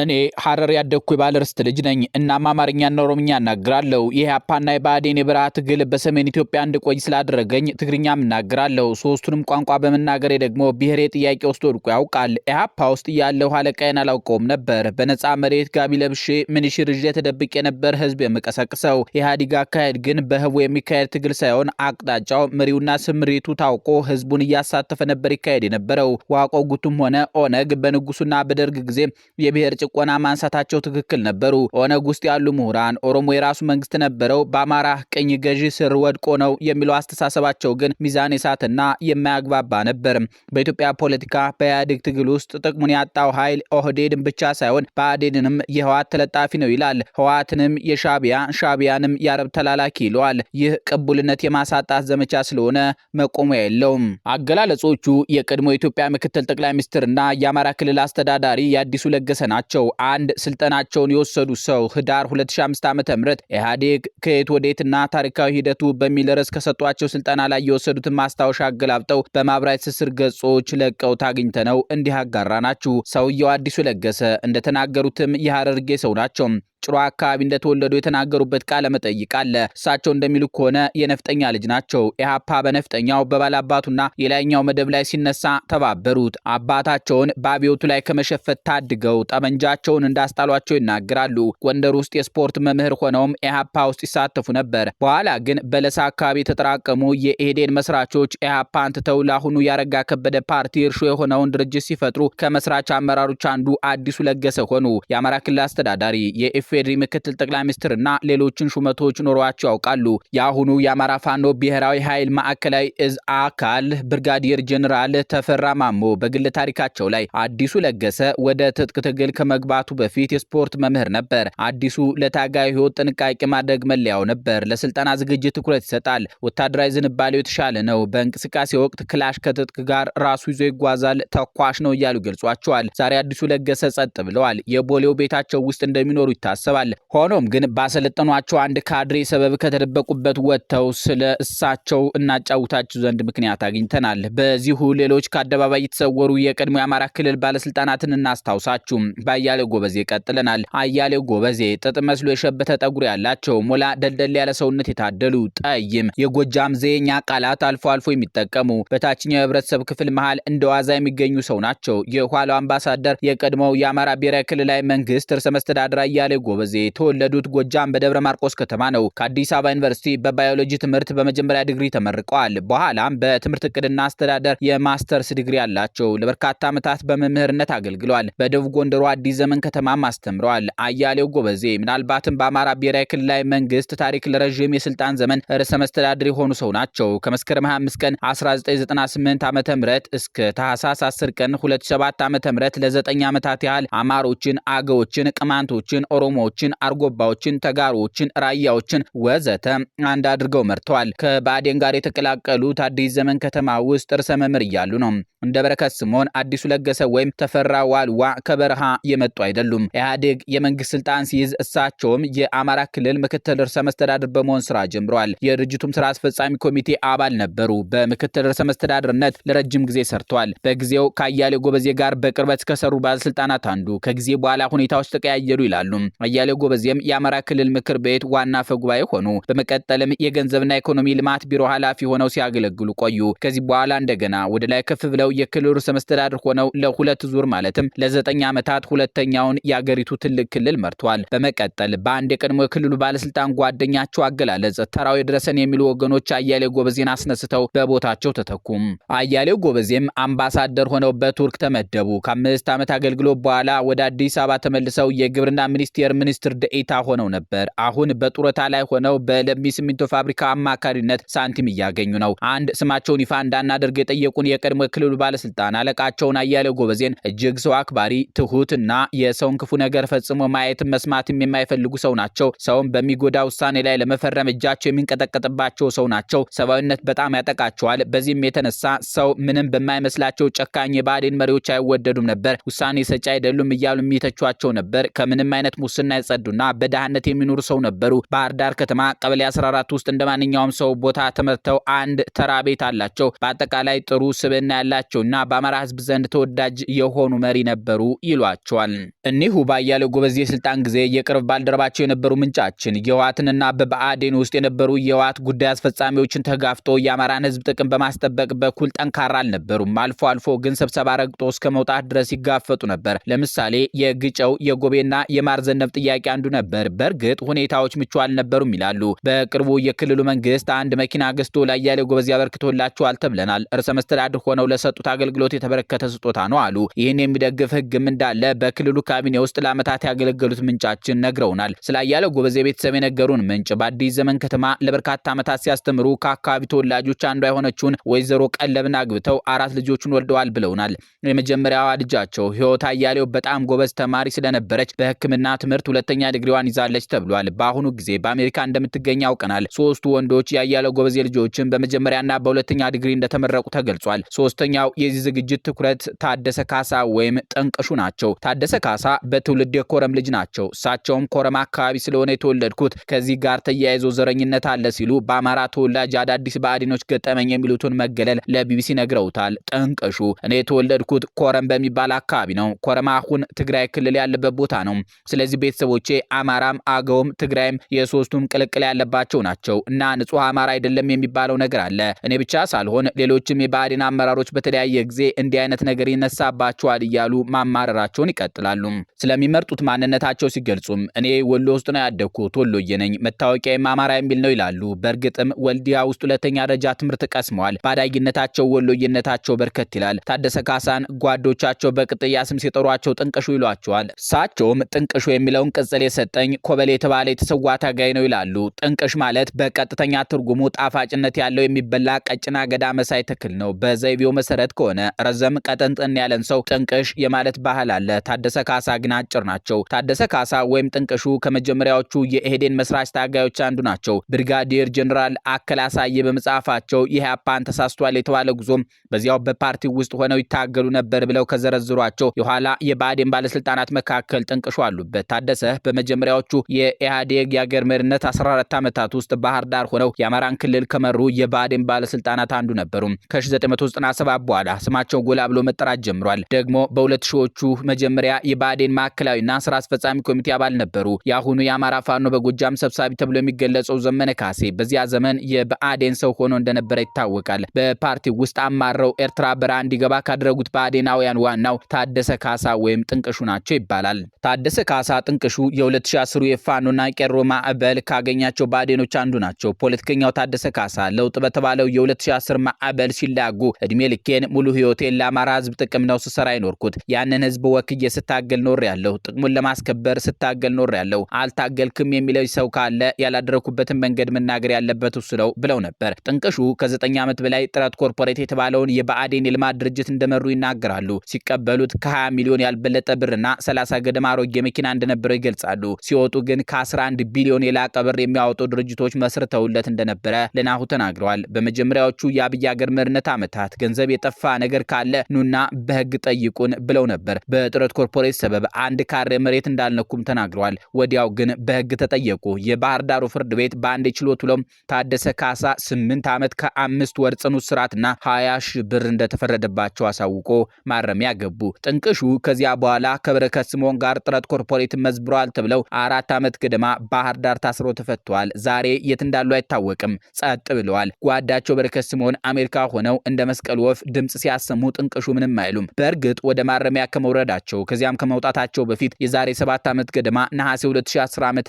እኔ ሀረር ያደግኩ የባለርስት ልጅ ነኝ። እናም አማርኛና ኦሮምኛ እናግራለሁ። የኢህአፓና የብአዴን የብርሃ ትግል በሰሜን ኢትዮጵያ እንድቆይ ስላደረገኝ ትግርኛም እናግራለሁ። ሶስቱንም ቋንቋ በመናገሬ ደግሞ ብሔሬ ጥያቄ ውስጥ ወድቆ ያውቃል። ኢህአፓ ውስጥ እያለሁ አለቃዬን አላውቀውም ነበር። በነፃ መሬት ጋቢ ለብሼ ምንሽር ይዤ ተደብቄ የነበር ህዝብ የምቀሰቅሰው። ኢህአዲግ አካሄድ ግን በህቡ የሚካሄድ ትግል ሳይሆን አቅጣጫው፣ መሪውና ስምሪቱ ታውቆ ህዝቡን እያሳተፈ ነበር ይካሄድ የነበረው። ዋቆ ጉቱም ሆነ ኦነግ በንጉሱና በደርግ ጊዜ የብሔር ጭቆና ማንሳታቸው ትክክል ነበሩ። ኦነግ ውስጥ ያሉ ምሁራን ኦሮሞ የራሱ መንግስት ነበረው፣ በአማራ ቅኝ ገዢ ስር ወድቆ ነው የሚለው አስተሳሰባቸው ግን ሚዛን የሳትና የማያግባባ ነበር። በኢትዮጵያ ፖለቲካ በኢህአዴግ ትግል ውስጥ ጥቅሙን ያጣው ኃይል ኦህዴድን ብቻ ሳይሆን በአዴድንም የህወሓት ተለጣፊ ነው ይላል። ህወሓትንም የሻቢያ ሻቢያንም የአረብ ተላላኪ ይለዋል። ይህ ቅቡልነት የማሳጣት ዘመቻ ስለሆነ መቆሚያ የለውም። አገላለጾቹ የቀድሞ የኢትዮጵያ ምክትል ጠቅላይ ሚኒስትርና የአማራ ክልል አስተዳዳሪ የአዲሱ ለገሰ ናቸው። ያላቸው አንድ ስልጠናቸውን የወሰዱ ሰው ህዳር 2005 ዓ ም ኢህአዴግ ከየት ወዴትና ታሪካዊ ሂደቱ በሚል ርዕስ ከሰጧቸው ስልጠና ላይ የወሰዱትን ማስታወሻ አገላብጠው በማህበራዊ ትስስር ገጾች ለቀው ታግኝተ ነው እንዲህ አጋራ ናችሁ። ሰውየው አዲሱ ለገሰ እንደተናገሩትም የሀረርጌ ሰው ናቸው። ጭሮ አካባቢ እንደተወለዱ የተናገሩበት ቃለ መጠይቅ አለ። እሳቸው እንደሚሉ ከሆነ የነፍጠኛ ልጅ ናቸው። ኢህአፓ በነፍጠኛው በባላባቱና የላይኛው መደብ ላይ ሲነሳ ተባበሩት። አባታቸውን በአብዮቱ ላይ ከመሸፈት ታድገው ጠመንጃቸውን እንዳስጣሏቸው ይናገራሉ። ጎንደር ውስጥ የስፖርት መምህር ሆነውም ኢህአፓ ውስጥ ይሳተፉ ነበር። በኋላ ግን በለሳ አካባቢ የተጠራቀሙ የኢህዴን መስራቾች ኢህአፓን ትተው ለአሁኑ ያረጋ ከበደ ፓርቲ እርሾ የሆነውን ድርጅት ሲፈጥሩ ከመስራች አመራሮች አንዱ አዲሱ ለገሰ ሆኑ። የአማራ ክልል አስተዳዳሪ የኢፍ የኢፌዴሪ ምክትል ጠቅላይ እና ሌሎችን ሹመቶች ኖሯቸው ያውቃሉ። የአሁኑ የአማራ ፋኖ ብሔራዊ ኃይል ማዕከላዊ እዝ አካል ብርጋዲየር ጀኔራል ተፈራ ማሞ በግል ታሪካቸው ላይ አዲሱ ለገሰ ወደ ትጥቅ ትግል ከመግባቱ በፊት የስፖርት መምህር ነበር። አዲሱ ለታጋዩ ሕይወት ጥንቃቄ ማድረግ መለያው ነበር። ለስልጠና ዝግጅት ትኩረት ይሰጣል። ወታደራዊ ዝንባሌው የተሻለ ነው። በእንቅስቃሴ ወቅት ክላሽ ከትጥቅ ጋር ራሱ ይዞ ይጓዛል። ተኳሽ ነው እያሉ ገልጿቸዋል። ዛሬ አዲሱ ለገሰ ጸጥ ብለዋል። የቦሌው ቤታቸው ውስጥ እንደሚኖሩ ይታሰ ይታሰባል። ሆኖም ግን ባሰለጠኗቸው አንድ ካድሬ ሰበብ ከተደበቁበት ወጥተው ስለ እሳቸው እናጫውታችሁ ዘንድ ምክንያት አግኝተናል። በዚሁ ሌሎች ከአደባባይ የተሰወሩ የቀድሞ የአማራ ክልል ባለስልጣናትን እናስታውሳችሁ። በአያሌው ጎበዜ ቀጥለናል። አያሌው ጎበዜ ጥጥ መስሎ የሸበተ ጠጉር ያላቸው ሞላ ደልደል ያለ ሰውነት የታደሉ ጠይም የጎጃም ዘየኛ ቃላት አልፎ አልፎ የሚጠቀሙ በታችኛው የህብረተሰብ ክፍል መሃል እንደ ዋዛ የሚገኙ ሰው ናቸው። የኋላው አምባሳደር የቀድሞው የአማራ ብሔራዊ ክልላዊ መንግስት ርዕሰ መስተዳድር አያሌው ጎበዜ የተወለዱት ጎጃም በደብረ ማርቆስ ከተማ ነው። ከአዲስ አበባ ዩኒቨርሲቲ በባዮሎጂ ትምህርት በመጀመሪያ ዲግሪ ተመርቀዋል። በኋላም በትምህርት እቅድና አስተዳደር የማስተርስ ዲግሪ አላቸው። ለበርካታ ዓመታት በመምህርነት አገልግሏል። በደቡብ ጎንደሩ አዲስ ዘመን ከተማም አስተምረዋል። አያሌው ጎበዜ ምናልባትም በአማራ ብሔራዊ ክልላዊ መንግስት ታሪክ ለረዥም የስልጣን ዘመን ርዕሰ መስተዳድር የሆኑ ሰው ናቸው። ከመስከረም 25 ቀን 1998 ዓ ም እስከ ታህሳስ 10 ቀን 2007 ዓ ም ለ9 ዓመታት ያህል አማሮችን፣ አገዎችን፣ ቅማንቶችን፣ ኦሮሞ ኦሮሞዎችን፣ አርጎባዎችን፣ ተጋሮዎችን፣ ራያዎችን ወዘተ አንድ አድርገው መርተዋል። ከባዴን ጋር የተቀላቀሉት አዲስ ዘመን ከተማ ውስጥ እርሰ መምር እያሉ ነው። እንደ በረከት ስምኦን፣ አዲሱ ለገሰ ወይም ተፈራ ዋልዋ ከበረሃ የመጡ አይደሉም። ኢህአዴግ የመንግስት ስልጣን ሲይዝ እሳቸውም የአማራ ክልል ምክትል ርዕሰ መስተዳድር በመሆን ስራ ጀምረዋል። የድርጅቱም ስራ አስፈጻሚ ኮሚቴ አባል ነበሩ። በምክትል ርዕሰ መስተዳድርነት ለረጅም ጊዜ ሰርተዋል። በጊዜው ከአያሌ ጎበዜ ጋር በቅርበት ከሰሩ ባለስልጣናት አንዱ ከጊዜ በኋላ ሁኔታዎች ተቀያየሉ ይላሉ። አያሌው ጎበዜም የአማራ ክልል ምክር ቤት ዋና አፈ ጉባኤ ሆኑ። በመቀጠልም የገንዘብና ኢኮኖሚ ልማት ቢሮ ኃላፊ ሆነው ሲያገለግሉ ቆዩ። ከዚህ በኋላ እንደገና ወደ ላይ ከፍ ብለው የክልሉ ርዕሰ መስተዳድር ሆነው ለሁለት ዙር ማለትም ለዘጠኝ ዓመታት ሁለተኛውን የአገሪቱ ትልቅ ክልል መርቷል። በመቀጠል በአንድ የቀድሞ የክልሉ ባለስልጣን ጓደኛቸው አገላለጽ ተራው የድረሰን የሚሉ ወገኖች አያሌው ጎበዜን አስነስተው በቦታቸው ተተኩም። አያሌው ጎበዜም አምባሳደር ሆነው በቱርክ ተመደቡ። ከአምስት ዓመት አገልግሎት በኋላ ወደ አዲስ አበባ ተመልሰው የግብርና ሚኒስቴር ሚኒስቴር ሚኒስትር ደኤታ ሆነው ነበር። አሁን በጡረታ ላይ ሆነው በለሚ ሲሚንቶ ፋብሪካ አማካሪነት ሳንቲም እያገኙ ነው። አንድ ስማቸውን ይፋ እንዳናደርግ የጠየቁን የቀድሞ ክልሉ ባለስልጣን አለቃቸውን አያሌው ጎበዜን እጅግ ሰው አክባሪ፣ ትሁትና የሰውን ክፉ ነገር ፈጽሞ ማየትም መስማትም የማይፈልጉ ሰው ናቸው። ሰውን በሚጎዳ ውሳኔ ላይ ለመፈረም እጃቸው የሚንቀጠቀጥባቸው ሰው ናቸው። ሰብአዊነት በጣም ያጠቃቸዋል። በዚህም የተነሳ ሰው ምንም በማይመስላቸው ጨካኝ የባዴን መሪዎች አይወደዱም ነበር። ውሳኔ ሰጪ አይደሉም እያሉ የሚተቿቸው ነበር። ከምንም አይነት ሙስና ከሙስና የጸዱና በድህነት የሚኖሩ ሰው ነበሩ። ባህር ዳር ከተማ ቀበሌ 14 ውስጥ እንደ ማንኛውም ሰው ቦታ ተመርተው አንድ ተራ ቤት አላቸው። በአጠቃላይ ጥሩ ስብዕና ያላቸውና በአማራ ህዝብ ዘንድ ተወዳጅ የሆኑ መሪ ነበሩ ይሏቸዋል። እኒሁ ባያሌው ጎበዝ የስልጣን ጊዜ የቅርብ ባልደረባቸው የነበሩ ምንጫችን የህወሓትንና በብአዴን ውስጥ የነበሩ የህወሓት ጉዳይ አስፈጻሚዎችን ተጋፍጦ የአማራን ህዝብ ጥቅም በማስጠበቅ በኩል ጠንካራ አልነበሩም። አልፎ አልፎ ግን ስብሰባ ረግጦ እስከ መውጣት ድረስ ይጋፈጡ ነበር። ለምሳሌ የግጨው የጎቤና የማርዘነብ ጥያቄ አንዱ ነበር። በእርግጥ ሁኔታዎች ምቹ አልነበሩም ይላሉ። በቅርቡ የክልሉ መንግስት አንድ መኪና ገዝቶ ለአያሌው ጎበዜ ያበርክቶላቸዋል ተብለናል። እርሰ መስተዳድር ሆነው ለሰጡት አገልግሎት የተበረከተ ስጦታ ነው አሉ። ይህን የሚደግፍ ህግም እንዳለ በክልሉ ካቢኔ ውስጥ ለዓመታት ያገለገሉት ምንጫችን ነግረውናል። ስለ አያሌው ጎበዜ ቤተሰብ የነገሩን ምንጭ በአዲስ ዘመን ከተማ ለበርካታ ዓመታት ሲያስተምሩ ከአካባቢ ተወላጆች አንዷ የሆነችውን ወይዘሮ ቀለብን አግብተው አራት ልጆችን ወልደዋል ብለውናል። የመጀመሪያዋ ልጃቸው ህይወት አያሌው በጣም ጎበዝ ተማሪ ስለነበረች በህክምና ትምህርት ትምህርት ሁለተኛ ዲግሪዋን ይዛለች ተብሏል። በአሁኑ ጊዜ በአሜሪካ እንደምትገኝ አውቀናል። ሶስቱ ወንዶች ያያለው ጎበዜ ልጆችን በመጀመሪያና በሁለተኛ ዲግሪ እንደተመረቁ ተገልጿል። ሶስተኛው የዚህ ዝግጅት ትኩረት ታደሰ ካሳ ወይም ጠንቀሹ ናቸው። ታደሰ ካሳ በትውልድ የኮረም ልጅ ናቸው። እሳቸውም ኮረም አካባቢ ስለሆነ የተወለድኩት ከዚህ ጋር ተያይዞ ዘረኝነት አለ ሲሉ በአማራ ተወላጅ አዳዲስ ብአዴኖች ገጠመኝ የሚሉትን መገለል ለቢቢሲ ነግረውታል። ጠንቀሹ እኔ የተወለድኩት ኮረም በሚባል አካባቢ ነው። ኮረም አሁን ትግራይ ክልል ያለበት ቦታ ነው። ስለዚህ ቤተሰቦቼ አማራም፣ አገውም፣ ትግራይም የሶስቱም ቅልቅል ያለባቸው ናቸው እና ንጹህ አማራ አይደለም የሚባለው ነገር አለ። እኔ ብቻ ሳልሆን ሌሎችም የብአዴን አመራሮች በተለያየ ጊዜ እንዲህ አይነት ነገር ይነሳባቸዋል እያሉ ማማረራቸውን ይቀጥላሉ። ስለሚመርጡት ማንነታቸው ሲገልጹም እኔ ወሎ ውስጥ ነው ያደግኩት፣ ወሎዬ ነኝ፣ መታወቂያም አማራ የሚል ነው ይላሉ። በእርግጥም ወልዲያ ውስጥ ሁለተኛ ደረጃ ትምህርት ቀስመዋል። ባዳጊነታቸው ወሎዬነታቸው በርከት ይላል። ታደሰ ካሳን ጓዶቻቸው በቅጥያ ስም ሲጠሯቸው ጥንቅሹ ይሏቸዋል። እሳቸውም ጥንቅሹ የሚለው የሚለውን ቅጽል የሰጠኝ ኮበሌ የተባለ የተሰዋ ታጋይ ነው ይላሉ። ጥንቅሽ ማለት በቀጥተኛ ትርጉሙ ጣፋጭነት ያለው የሚበላ ቀጭን አገዳ መሳይ ተክል ነው። በዘይቤው መሰረት ከሆነ ረዘም ቀጠንጥን ያለን ሰው ጥንቅሽ የማለት ባህል አለ። ታደሰ ካሳ ግን አጭር ናቸው። ታደሰ ካሳ ወይም ጥንቅሹ ከመጀመሪያዎቹ የኢህዴን መስራች ታጋዮች አንዱ ናቸው። ብርጋዴር ጀኔራል አከል አሳየ በመጽሐፋቸው የኢህአፓን ተሳስቷል የተባለ ጉዞም በዚያው በፓርቲ ውስጥ ሆነው ይታገሉ ነበር ብለው ከዘረዝሯቸው የኋላ የባዴን ባለስልጣናት መካከል ጥንቅሹ አሉበት። ታደሰ በመጀመሪያዎቹ የኢህአዴግ የአገር መሪነት 14 ዓመታት ውስጥ ባህር ዳር ሆነው የአማራን ክልል ከመሩ የባዴን ባለስልጣናት አንዱ ነበሩ። ከ1997 በኋላ ስማቸው ጎላ ብሎ መጠራት ጀምሯል። ደግሞ በሁለት ሺዎቹ መጀመሪያ የባዴን ማዕከላዊና ስራ አስፈጻሚ ኮሚቴ አባል ነበሩ። የአሁኑ የአማራ ፋኖ በጎጃም ሰብሳቢ ተብሎ የሚገለጸው ዘመነ ካሴ በዚያ ዘመን የብአዴን ሰው ሆኖ እንደነበረ ይታወቃል። በፓርቲ ውስጥ አማረው ኤርትራ በራ እንዲገባ ካደረጉት ብአዴናውያን ዋናው ታደሰ ካሳ ወይም ጥንቅሹ ናቸው ይባላል። ታደሰ ካሳ ጥንቅ አንቀሹ የ2010 የፋኖና ቄሮ ማዕበል ካገኛቸው ብአዴኖች አንዱ ናቸው። ፖለቲከኛው ታደሰ ካሳ ለውጥ በተባለው የ2010 ማዕበል ሲላጉ እድሜ ልኬን ሙሉ ህይወቴን ለአማራ ህዝብ ጥቅም ነው ስሰራ አይኖርኩት ያንን ህዝብ ወክዬ ስታገል ኖር ያለው ጥቅሙን ለማስከበር ስታገል ኖር ያለው አልታገልክም የሚለው ሰው ካለ ያላደረኩበትን መንገድ መናገር ያለበት እሱ ነው ብለው ነበር። ጥንቅሹ ከ9 ዓመት በላይ ጥረት ኮርፖሬት የተባለውን የብአዴን የልማት ድርጅት እንደመሩ ይናገራሉ። ሲቀበሉት ከ20 ሚሊዮን ያልበለጠ ብርና 30 ገደማ አሮጌ መኪና እንደነበር እንደነበረ ይገልጻሉ። ሲወጡ ግን ከ11 ቢሊዮን የላቀ ብር የሚያወጡ ድርጅቶች መስርተውለት እንደነበረ ለናሁ ተናግረዋል። በመጀመሪያዎቹ የአብይ አገር መሪነት ዓመታት ገንዘብ የጠፋ ነገር ካለ ኑና በህግ ጠይቁን ብለው ነበር። በጥረት ኮርፖሬት ሰበብ አንድ ካሬ መሬት እንዳልነኩም ተናግረዋል። ወዲያው ግን በህግ ተጠየቁ። የባህር ዳሩ ፍርድ ቤት በአንድ ችሎት ውሎም ታደሰ ካሳ 8 ዓመት ከአምስት ወር ጽኑ እስራትና 20 ሺ ብር እንደተፈረደባቸው አሳውቆ ማረሚያ ገቡ። ጥንቅሹ ከዚያ በኋላ ከበረከት ስምኦን ጋር ጥረት ኮርፖሬት ተመዝብሯል ተብለው አራት ዓመት ገደማ ባህር ዳር ታስሮ ተፈቷል። ዛሬ የት እንዳሉ አይታወቅም፣ ጸጥ ብለዋል። ጓዳቸው በረከት ስምኦን አሜሪካ ሆነው እንደ መስቀል ወፍ ድምፅ ሲያሰሙ ጥንቅሹ ምንም አይሉም። በእርግጥ ወደ ማረሚያ ከመውረዳቸው ከዚያም ከመውጣታቸው በፊት የዛሬ ሰባት ዓመት ገደማ ነሐሴ 2010 ዓ ም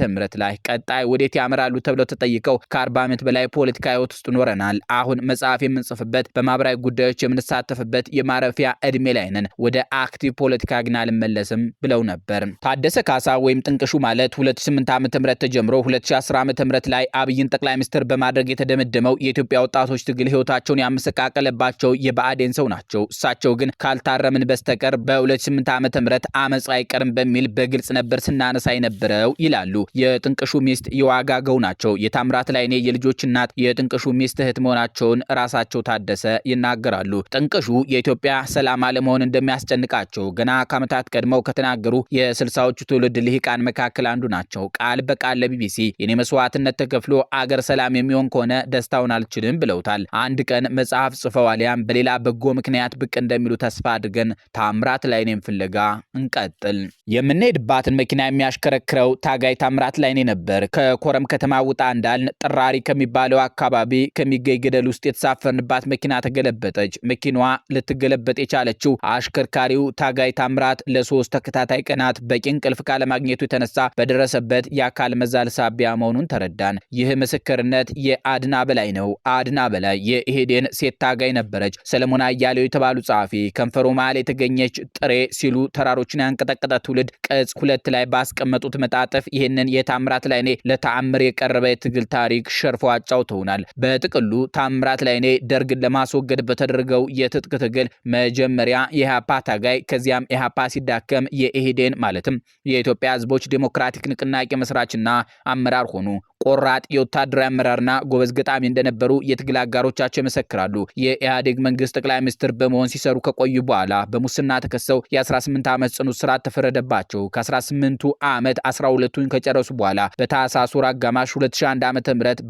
ላይ ቀጣይ ወዴት ያመራሉ ተብለው ተጠይቀው ከ40 ዓመት በላይ ፖለቲካ ህይወት ውስጥ ኖረናል። አሁን መጽሐፍ የምንጽፍበት በማህበራዊ ጉዳዮች የምንሳተፍበት የማረፊያ እድሜ ላይ ነን። ወደ አክቲቭ ፖለቲካ ግን አልመለስም ብለው ነበር። ታደሰ ካሳ ወይም ጥንቅሹ ማለት 2008 ዓ.ም ተጀምሮ 2010 ዓ.ም ላይ አብይን ጠቅላይ ሚኒስትር በማድረግ የተደመደመው የኢትዮጵያ ወጣቶች ትግል ህይወታቸውን ያመሰቃቀለባቸው የብአዴን ሰው ናቸው። እሳቸው ግን ካልታረምን በስተቀር በ2008 ምህረት አመፅ አይቀርም በሚል በግልጽ ነበር ስናነሳ የነበረው ይላሉ። የጥንቅሹ ሚስት የዋጋገው ናቸው። የታምራት ላይኔ የልጆች እናት የጥንቅሹ ሚስት እህት መሆናቸውን ራሳቸው ታደሰ ይናገራሉ። ጥንቅሹ የኢትዮጵያ ሰላም አለመሆን እንደሚያስጨንቃቸው ገና ከአመታት ቀድመው ከተናገሩ የስልሳዎቹ ትውልድ ልሂቃን መካከል አንዱ ናቸው። ቃል በቃል ለቢቢሲ የኔ መስዋዕትነት ተከፍሎ አገር ሰላም የሚሆን ከሆነ ደስታውን አልችልም ብለውታል። አንድ ቀን መጽሐፍ ጽፈዋል፣ ያም በሌላ በጎ ምክንያት ብቅ እንደሚሉ ተስፋ አድርገን ታምራት ላይኔን ፍለጋ እንቀጥል። የምንሄድባትን መኪና የሚያሽከረክረው ታጋይ ታምራት ላይኔ ነበር። ከኮረም ከተማ ውጣ እንዳልን ጥራሪ ከሚባለው አካባቢ ከሚገኝ ገደል ውስጥ የተሳፈርንባት መኪና ተገለበጠች። መኪናዋ ልትገለበጥ የቻለችው አሽከርካሪው ታጋይ ታምራት ለሶስት ተከታታይ ቀናት በቂ እንቅልፍ ካለማ ባለማግኘቱ የተነሳ በደረሰበት የአካል መዛል ሳቢያ መሆኑን ተረዳን። ይህ ምስክርነት የአድና በላይ ነው። አድና በላይ የኢህዴን ሴት ታጋይ ነበረች። ሰለሞን አያሌው የተባሉ ጸሐፊ ከንፈሩ መሃል የተገኘች ጥሬ ሲሉ ተራሮችን ያንቀጠቀጠ ትውልድ ቀጽ ሁለት ላይ ባስቀመጡት መጣጥፍ ይህንን የታምራት ላይኔ ለተአምር የቀረበ የትግል ታሪክ ሸርፎ አጫውተውናል። በጥቅሉ ታምራት ላይኔ ደርግን ለማስወገድ በተደረገው የትጥቅ ትግል መጀመሪያ የኢህአፓ ታጋይ ከዚያም ኢህአፓ ሲዳከም የኢህዴን ማለትም የኢትዮጵያ የኢትዮጵያ ህዝቦች ዴሞክራቲክ ንቅናቄ መስራችና አመራር ሆኑ። ቆራጥ የወታደራዊ አመራርና ጎበዝ ገጣሚ እንደነበሩ የትግል አጋሮቻቸው ይመሰክራሉ። የኢህአዴግ መንግስት ጠቅላይ ሚኒስትር በመሆን ሲሰሩ ከቆዩ በኋላ በሙስና ተከሰው የ18 ዓመት ጽኑ እስራት ተፈረደባቸው። ከ18ቱ ዓመት 12ቱን ከጨረሱ በኋላ በታህሳስ ወር አጋማሽ 2001 ዓ.ም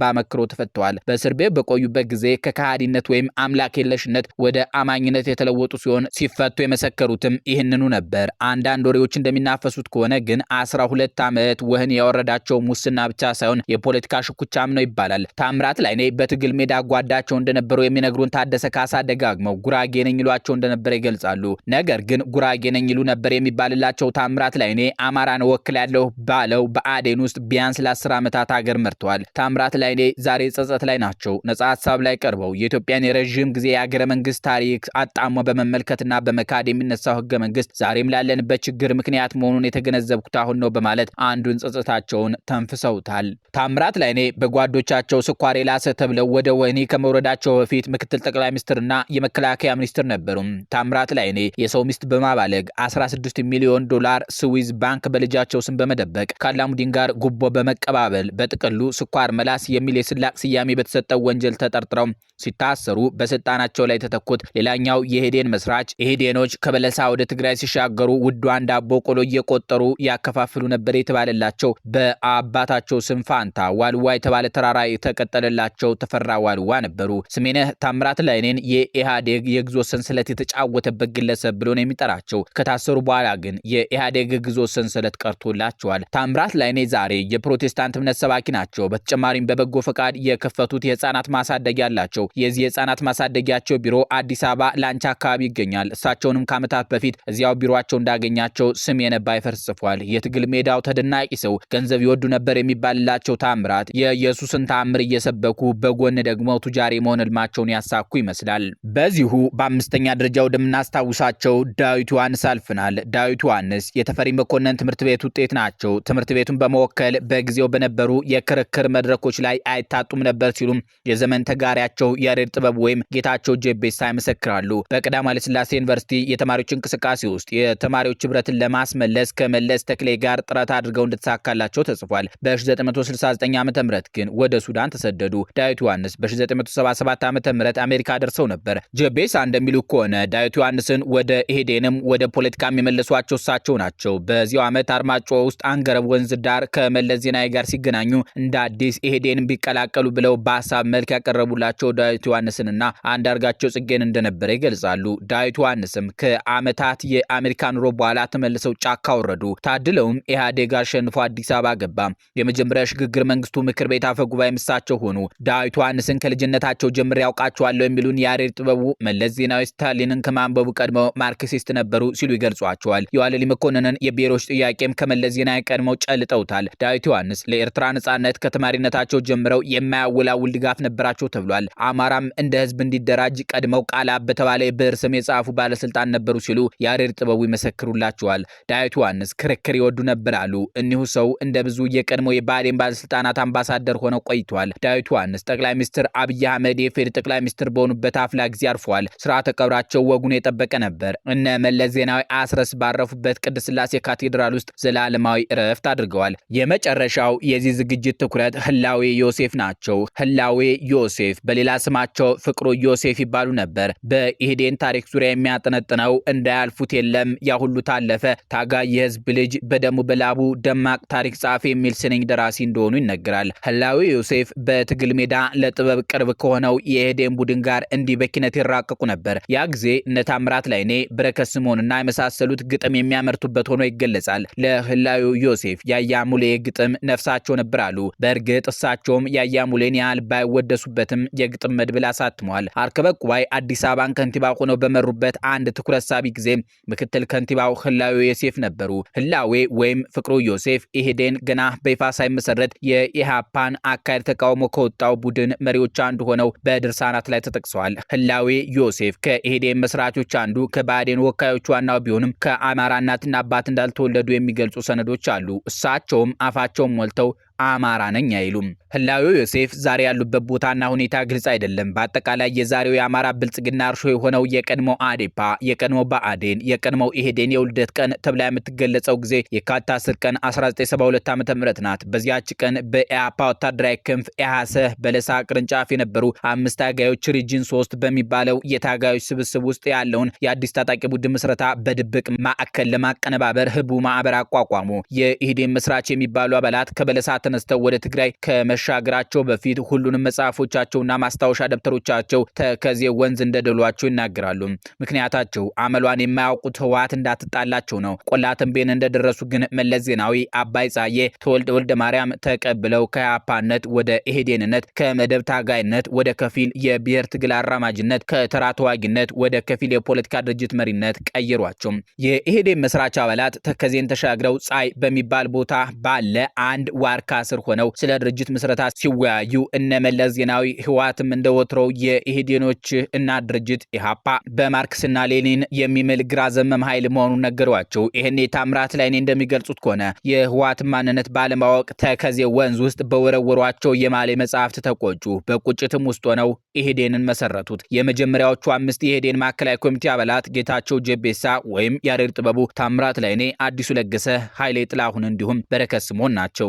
በአመክሮ ተፈተዋል። በእስር ቤት በቆዩበት ጊዜ ከካሃዲነት ወይም አምላክ የለሽነት ወደ አማኝነት የተለወጡ ሲሆን ሲፈቱ የመሰከሩትም ይህንኑ ነበር። አንዳንድ ወሬዎች እንደሚናፈሱት ከሆነ ግን 12 ዓመት ወህን ያወረዳቸው ሙስና ብቻ ሳይሆን የፖለቲካ ሽኩቻም ነው ይባላል። ታምራት ላይኔ በትግል ሜዳ ጓዳቸው እንደነበሩ የሚነግሩን ታደሰ ካሳ ደጋግመው ጉራጌ ነኝ ይሏቸው እንደነበረ ይገልጻሉ። ነገር ግን ጉራጌ ነኝ ይሉ ነበር የሚባልላቸው ታምራት ላይኔ አማራን ወክላለሁ ባለው በአዴን ውስጥ ቢያንስ ለአስር ዓመታት አገር መርተዋል። ታምራት ላይኔ ዛሬ ጸጸት ላይ ናቸው። ነጻ ሀሳብ ላይ ቀርበው የኢትዮጵያን የረዥም ጊዜ የአገረ መንግስት ታሪክ አጣሞ በመመልከትና በመካድ የሚነሳው ህገ መንግስት ዛሬም ላለንበት ችግር ምክንያት መሆኑን የተገነዘብኩት አሁን ነው በማለት አንዱን ጸጸታቸውን ተንፍሰውታል። ታምራት ላይኔ በጓዶቻቸው ስኳር የላሰ ተብለው ወደ ወህኒ ከመውረዳቸው በፊት ምክትል ጠቅላይ ሚኒስትርና የመከላከያ ሚኒስትር ነበሩ። ታምራት ላይኔ የሰው ሚስት በማባለግ 16 ሚሊዮን ዶላር ስዊዝ ባንክ በልጃቸው ስም በመደበቅ ከአላሙዲን ጋር ጉቦ በመቀባበል በጥቅሉ ስኳር መላስ የሚል የስላቅ ስያሜ በተሰጠው ወንጀል ተጠርጥረው ሲታሰሩ በስልጣናቸው ላይ ተተኩት። ሌላኛው የሄዴን መስራች ኢሄዴኖች ከበለሳ ወደ ትግራይ ሲሻገሩ ውዷን ዳቦ ቆሎ እየቆጠሩ ያከፋፍሉ ነበር የተባለላቸው በአባታቸው ስም ፋንታ ፈንታ ዋልዋ የተባለ ተራራ የተቀጠለላቸው ተፈራ ዋልዋ ነበሩ። ስሜነህ ታምራት ላይኔን የኢህአዴግ የግዞ ሰንሰለት የተጫወተበት ግለሰብ ብሎ ነው የሚጠራቸው። ከታሰሩ በኋላ ግን የኢህአዴግ ግዞ ሰንሰለት ቀርቶላቸዋል። ታምራት ላይኔ ዛሬ የፕሮቴስታንት እምነት ሰባኪ ናቸው። በተጨማሪም በበጎ ፈቃድ የከፈቱት የህፃናት ማሳደጊያ አላቸው። የዚህ የህፃናት ማሳደጊያቸው ቢሮ አዲስ አበባ ላንቻ አካባቢ ይገኛል። እሳቸውንም ከዓመታት በፊት እዚያው ቢሮቸው እንዳገኛቸው ስሜነህ ባይፈርስ ጽፏል። የትግል ሜዳው ተደናቂ ሰው ገንዘብ ይወዱ ነበር የሚባልላቸው ታምራት የኢየሱስን ታምር እየሰበኩ በጎን ደግሞ ቱጃር የመሆን ህልማቸውን ያሳኩ ይመስላል። በዚሁ በአምስተኛ ደረጃ ወደምናስታውሳቸው ዳዊት ዮሐንስ አልፍናል። ዳዊት ዮሐንስ የተፈሪ መኮንን ትምህርት ቤት ውጤት ናቸው። ትምህርት ቤቱን በመወከል በጊዜው በነበሩ የክርክር መድረኮች ላይ አይታጡም ነበር ሲሉም የዘመን ተጋሪያቸው ያሬድ ጥበብ ወይም ጌታቸው ጄቤሳ ይመሰክራሉ። በቀዳማዊ ኃይለ ሥላሴ ዩኒቨርሲቲ የተማሪዎች እንቅስቃሴ ውስጥ የተማሪዎች ህብረትን ለማስመለስ ከመለስ ተክሌ ጋር ጥረት አድርገው እንደተሳካላቸው ተጽፏል። በ1960 ዓ ም ግን ወደ ሱዳን ተሰደዱ። ዳዊት ዮሐንስ በ1977 ዓ ም አሜሪካ ደርሰው ነበር። ጀቤሳ እንደሚሉ ከሆነ ዳዊት ዮሐንስን ወደ ኢሄዴንም ወደ ፖለቲካም የመለሷቸው እሳቸው ናቸው። በዚያው ዓመት አርማጮ ውስጥ አንገረብ ወንዝ ዳር ከመለስ ዜናዊ ጋር ሲገናኙ እንደ አዲስ ኤዴን ቢቀላቀሉ ብለው በሀሳብ መልክ ያቀረቡላቸው ዳዊት ዮሐንስንና አንዳርጋቸው ጽጌን እንደነበረ ይገልጻሉ። ዳዊት ዮሐንስም ከዓመታት የአሜሪካ ኑሮ በኋላ ተመልሰው ጫካ ወረዱ። ታድለውም ኢህአዴግ አሸንፎ አዲስ አበባ ገባ። የመጀመሪያ ሽግግር መንግስቱ ምክር ቤት አፈ ጉባኤ ምሳቸው ሆኑ። ዳዊት ዮሐንስን ከልጅነታቸው ጀምር ያውቃቸዋለሁ የሚሉን የአሬር ጥበቡ መለስ ዜናዊ ስታሊንን ከማንበቡ ቀድመው ማርክሲስት ነበሩ ሲሉ ይገልጿቸዋል። የዋለሊ መኮንንን የብሔሮች ጥያቄም ከመለስ ዜናዊ ቀድመው ጨልጠውታል። ዳዊት ዮሐንስ ለኤርትራ ነጻነት ከተማሪነታቸው ጀምረው የማያወላውል ድጋፍ ነበራቸው ተብሏል። አማራም እንደ ህዝብ እንዲደራጅ ቀድመው ቃላ በተባለ የብዕር ስም የጻፉ ባለስልጣን ነበሩ ሲሉ የአሬር ጥበቡ ይመሰክሩላቸዋል። ዳዊት ዮሐንስ ክርክር ይወዱ ነበር አሉ። እኒሁ ሰው እንደ ብዙ የቀድሞ የባዴን ባለስልጣን ባለስልጣናት አምባሳደር ሆነው ቆይተዋል። ዳዊት ዮሐንስ ጠቅላይ ሚኒስትር አብይ አህመድ የፌድ ጠቅላይ ሚኒስትር በሆኑበት አፍላ ጊዜ አርፏል። ስርዓተ ቀብራቸው ወጉን የጠበቀ ነበር። እነ መለስ ዜናዊ አስረስ ባረፉበት ቅድስት ስላሴ ካቴድራል ውስጥ ዘላለማዊ እረፍት አድርገዋል። የመጨረሻው የዚህ ዝግጅት ትኩረት ህላዌ ዮሴፍ ናቸው። ህላዌ ዮሴፍ በሌላ ስማቸው ፍቅሩ ዮሴፍ ይባሉ ነበር። በኢህዴን ታሪክ ዙሪያ የሚያጠነጥነው እንዳያልፉት የለም ያሁሉ ታለፈ ታጋይ የህዝብ ልጅ በደሙ በላቡ ደማቅ ታሪክ ጸሐፊ የሚል ስንኝ ደራሲ እንደሆኑ ይነገራል። ህላዊ ዮሴፍ በትግል ሜዳ ለጥበብ ቅርብ ከሆነው የኤዴን ቡድን ጋር እንዲህ በኪነት ይራቀቁ ነበር። ያ ጊዜ እነ ታምራት ላይኔ፣ በረከት ስምኦንና የመሳሰሉት ግጥም የሚያመርቱበት ሆኖ ይገለጻል። ለህላዊ ዮሴፍ ያያ ሙሌ ግጥም ነፍሳቸው ነበር አሉ። በእርግጥ እሳቸውም ያያ ሙሌን ያህል ባይወደሱበትም የግጥም መድብል አሳትመዋል። አርከበ ቁባይ አዲስ አበባን ከንቲባ ሆነው በመሩበት አንድ ትኩረት ሳቢ ጊዜ ምክትል ከንቲባው ህላዊ ዮሴፍ ነበሩ። ህላዌ ወይም ፍቅሩ ዮሴፍ ኢህዴን ገና በይፋ ሳይመሰረት የኢህአፓን አካሄድ ተቃውሞ ከወጣው ቡድን መሪዎች አንዱ ሆነው በድርሳናት ላይ ተጠቅሰዋል። ህላዌ ዮሴፍ ከኢህዴን መስራቾች አንዱ ከባዴን ወካዮች ዋናው ቢሆንም ከአማራ እናትና አባት እንዳልተወለዱ የሚገልጹ ሰነዶች አሉ። እሳቸውም አፋቸውን ሞልተው አማራ ነኝ አይሉም። ህላዌው ዮሴፍ ዛሬ ያሉበት ቦታና ሁኔታ ግልጽ አይደለም። በአጠቃላይ የዛሬው የአማራ ብልጽግና እርሾ የሆነው የቀድሞ አዴፓ፣ የቀድሞ ብአዴን፣ የቀድሞው ኢህዴን የውልደት ቀን ተብላ የምትገለጸው ጊዜ የካቲት 10 ቀን 1972 ዓ ም ናት። በዚያች ቀን በኢያፓ ወታደራዊ ክንፍ ኢያሰህ በለሳ ቅርንጫፍ የነበሩ አምስት ታጋዮች ሪጅን ሶስት በሚባለው የታጋዮች ስብስብ ውስጥ ያለውን የአዲስ ታጣቂ ቡድን ምስረታ በድብቅ ማዕከል ለማቀነባበር ህቡ ማዕበር አቋቋሙ። የኢህዴን መስራች የሚባሉ አባላት ከበለሳ ተነስተው ወደ ትግራይ ከመሻገራቸው በፊት ሁሉንም መጽሐፎቻቸውና ማስታወሻ ደብተሮቻቸው ተከዜ ወንዝ እንደደሏቸው ይናገራሉ። ምክንያታቸው አመሏን የማያውቁት ህወሓት እንዳትጣላቸው ነው። ቆላ ተንቤን እንደደረሱ ግን መለስ ዜናዊ አባይ ጻዬ፣ ተወልደ ወልደ ማርያም ተቀብለው ከያፓነት ወደ ኢህዴንነት ከመደብ ታጋይነት ወደ ከፊል የብሔር ትግል አራማጅነት ከተራ ተዋጊነት ወደ ከፊል የፖለቲካ ድርጅት መሪነት ቀይሯቸው። የኢህዴን መስራች አባላት ተከዜን ተሻግረው ጻይ በሚባል ቦታ ባለ አንድ ዋርካ ስር ሆነው ስለ ድርጅት ምስረታ ሲወያዩ እነ መለስ ዜናዊ ህወሓትም እንደ ወትሮው የኢህዴኖች እና ድርጅት ኢሃፓ በማርክስና ሌኒን የሚምል ግራ ዘመም ኃይል መሆኑን ነገሯቸው። ይህኔ ታምራት ላይኔ እንደሚገልጹት ከሆነ የህወሓት ማንነት ባለማወቅ ተከዜ ወንዝ ውስጥ በወረወሯቸው የማሌ መጽሐፍት ተቆጩ። በቁጭትም ውስጥ ሆነው ኢህዴንን መሰረቱት። የመጀመሪያዎቹ አምስት የኢህዴን ማዕከላዊ ኮሚቴ አባላት ጌታቸው ጀቤሳ ወይም ያሬድ ጥበቡ፣ ታምራት ላይኔ፣ አዲሱ ለገሰ፣ ኃይሌ ጥላሁን እንዲሁም በረከት ስምኦን ናቸው።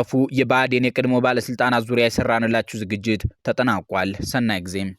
በጠፉ የብአዴን የቀድሞ ባለስልጣናት ዙሪያ የሰራንላችሁ ዝግጅት ተጠናቋል። ሰናይ ጊዜም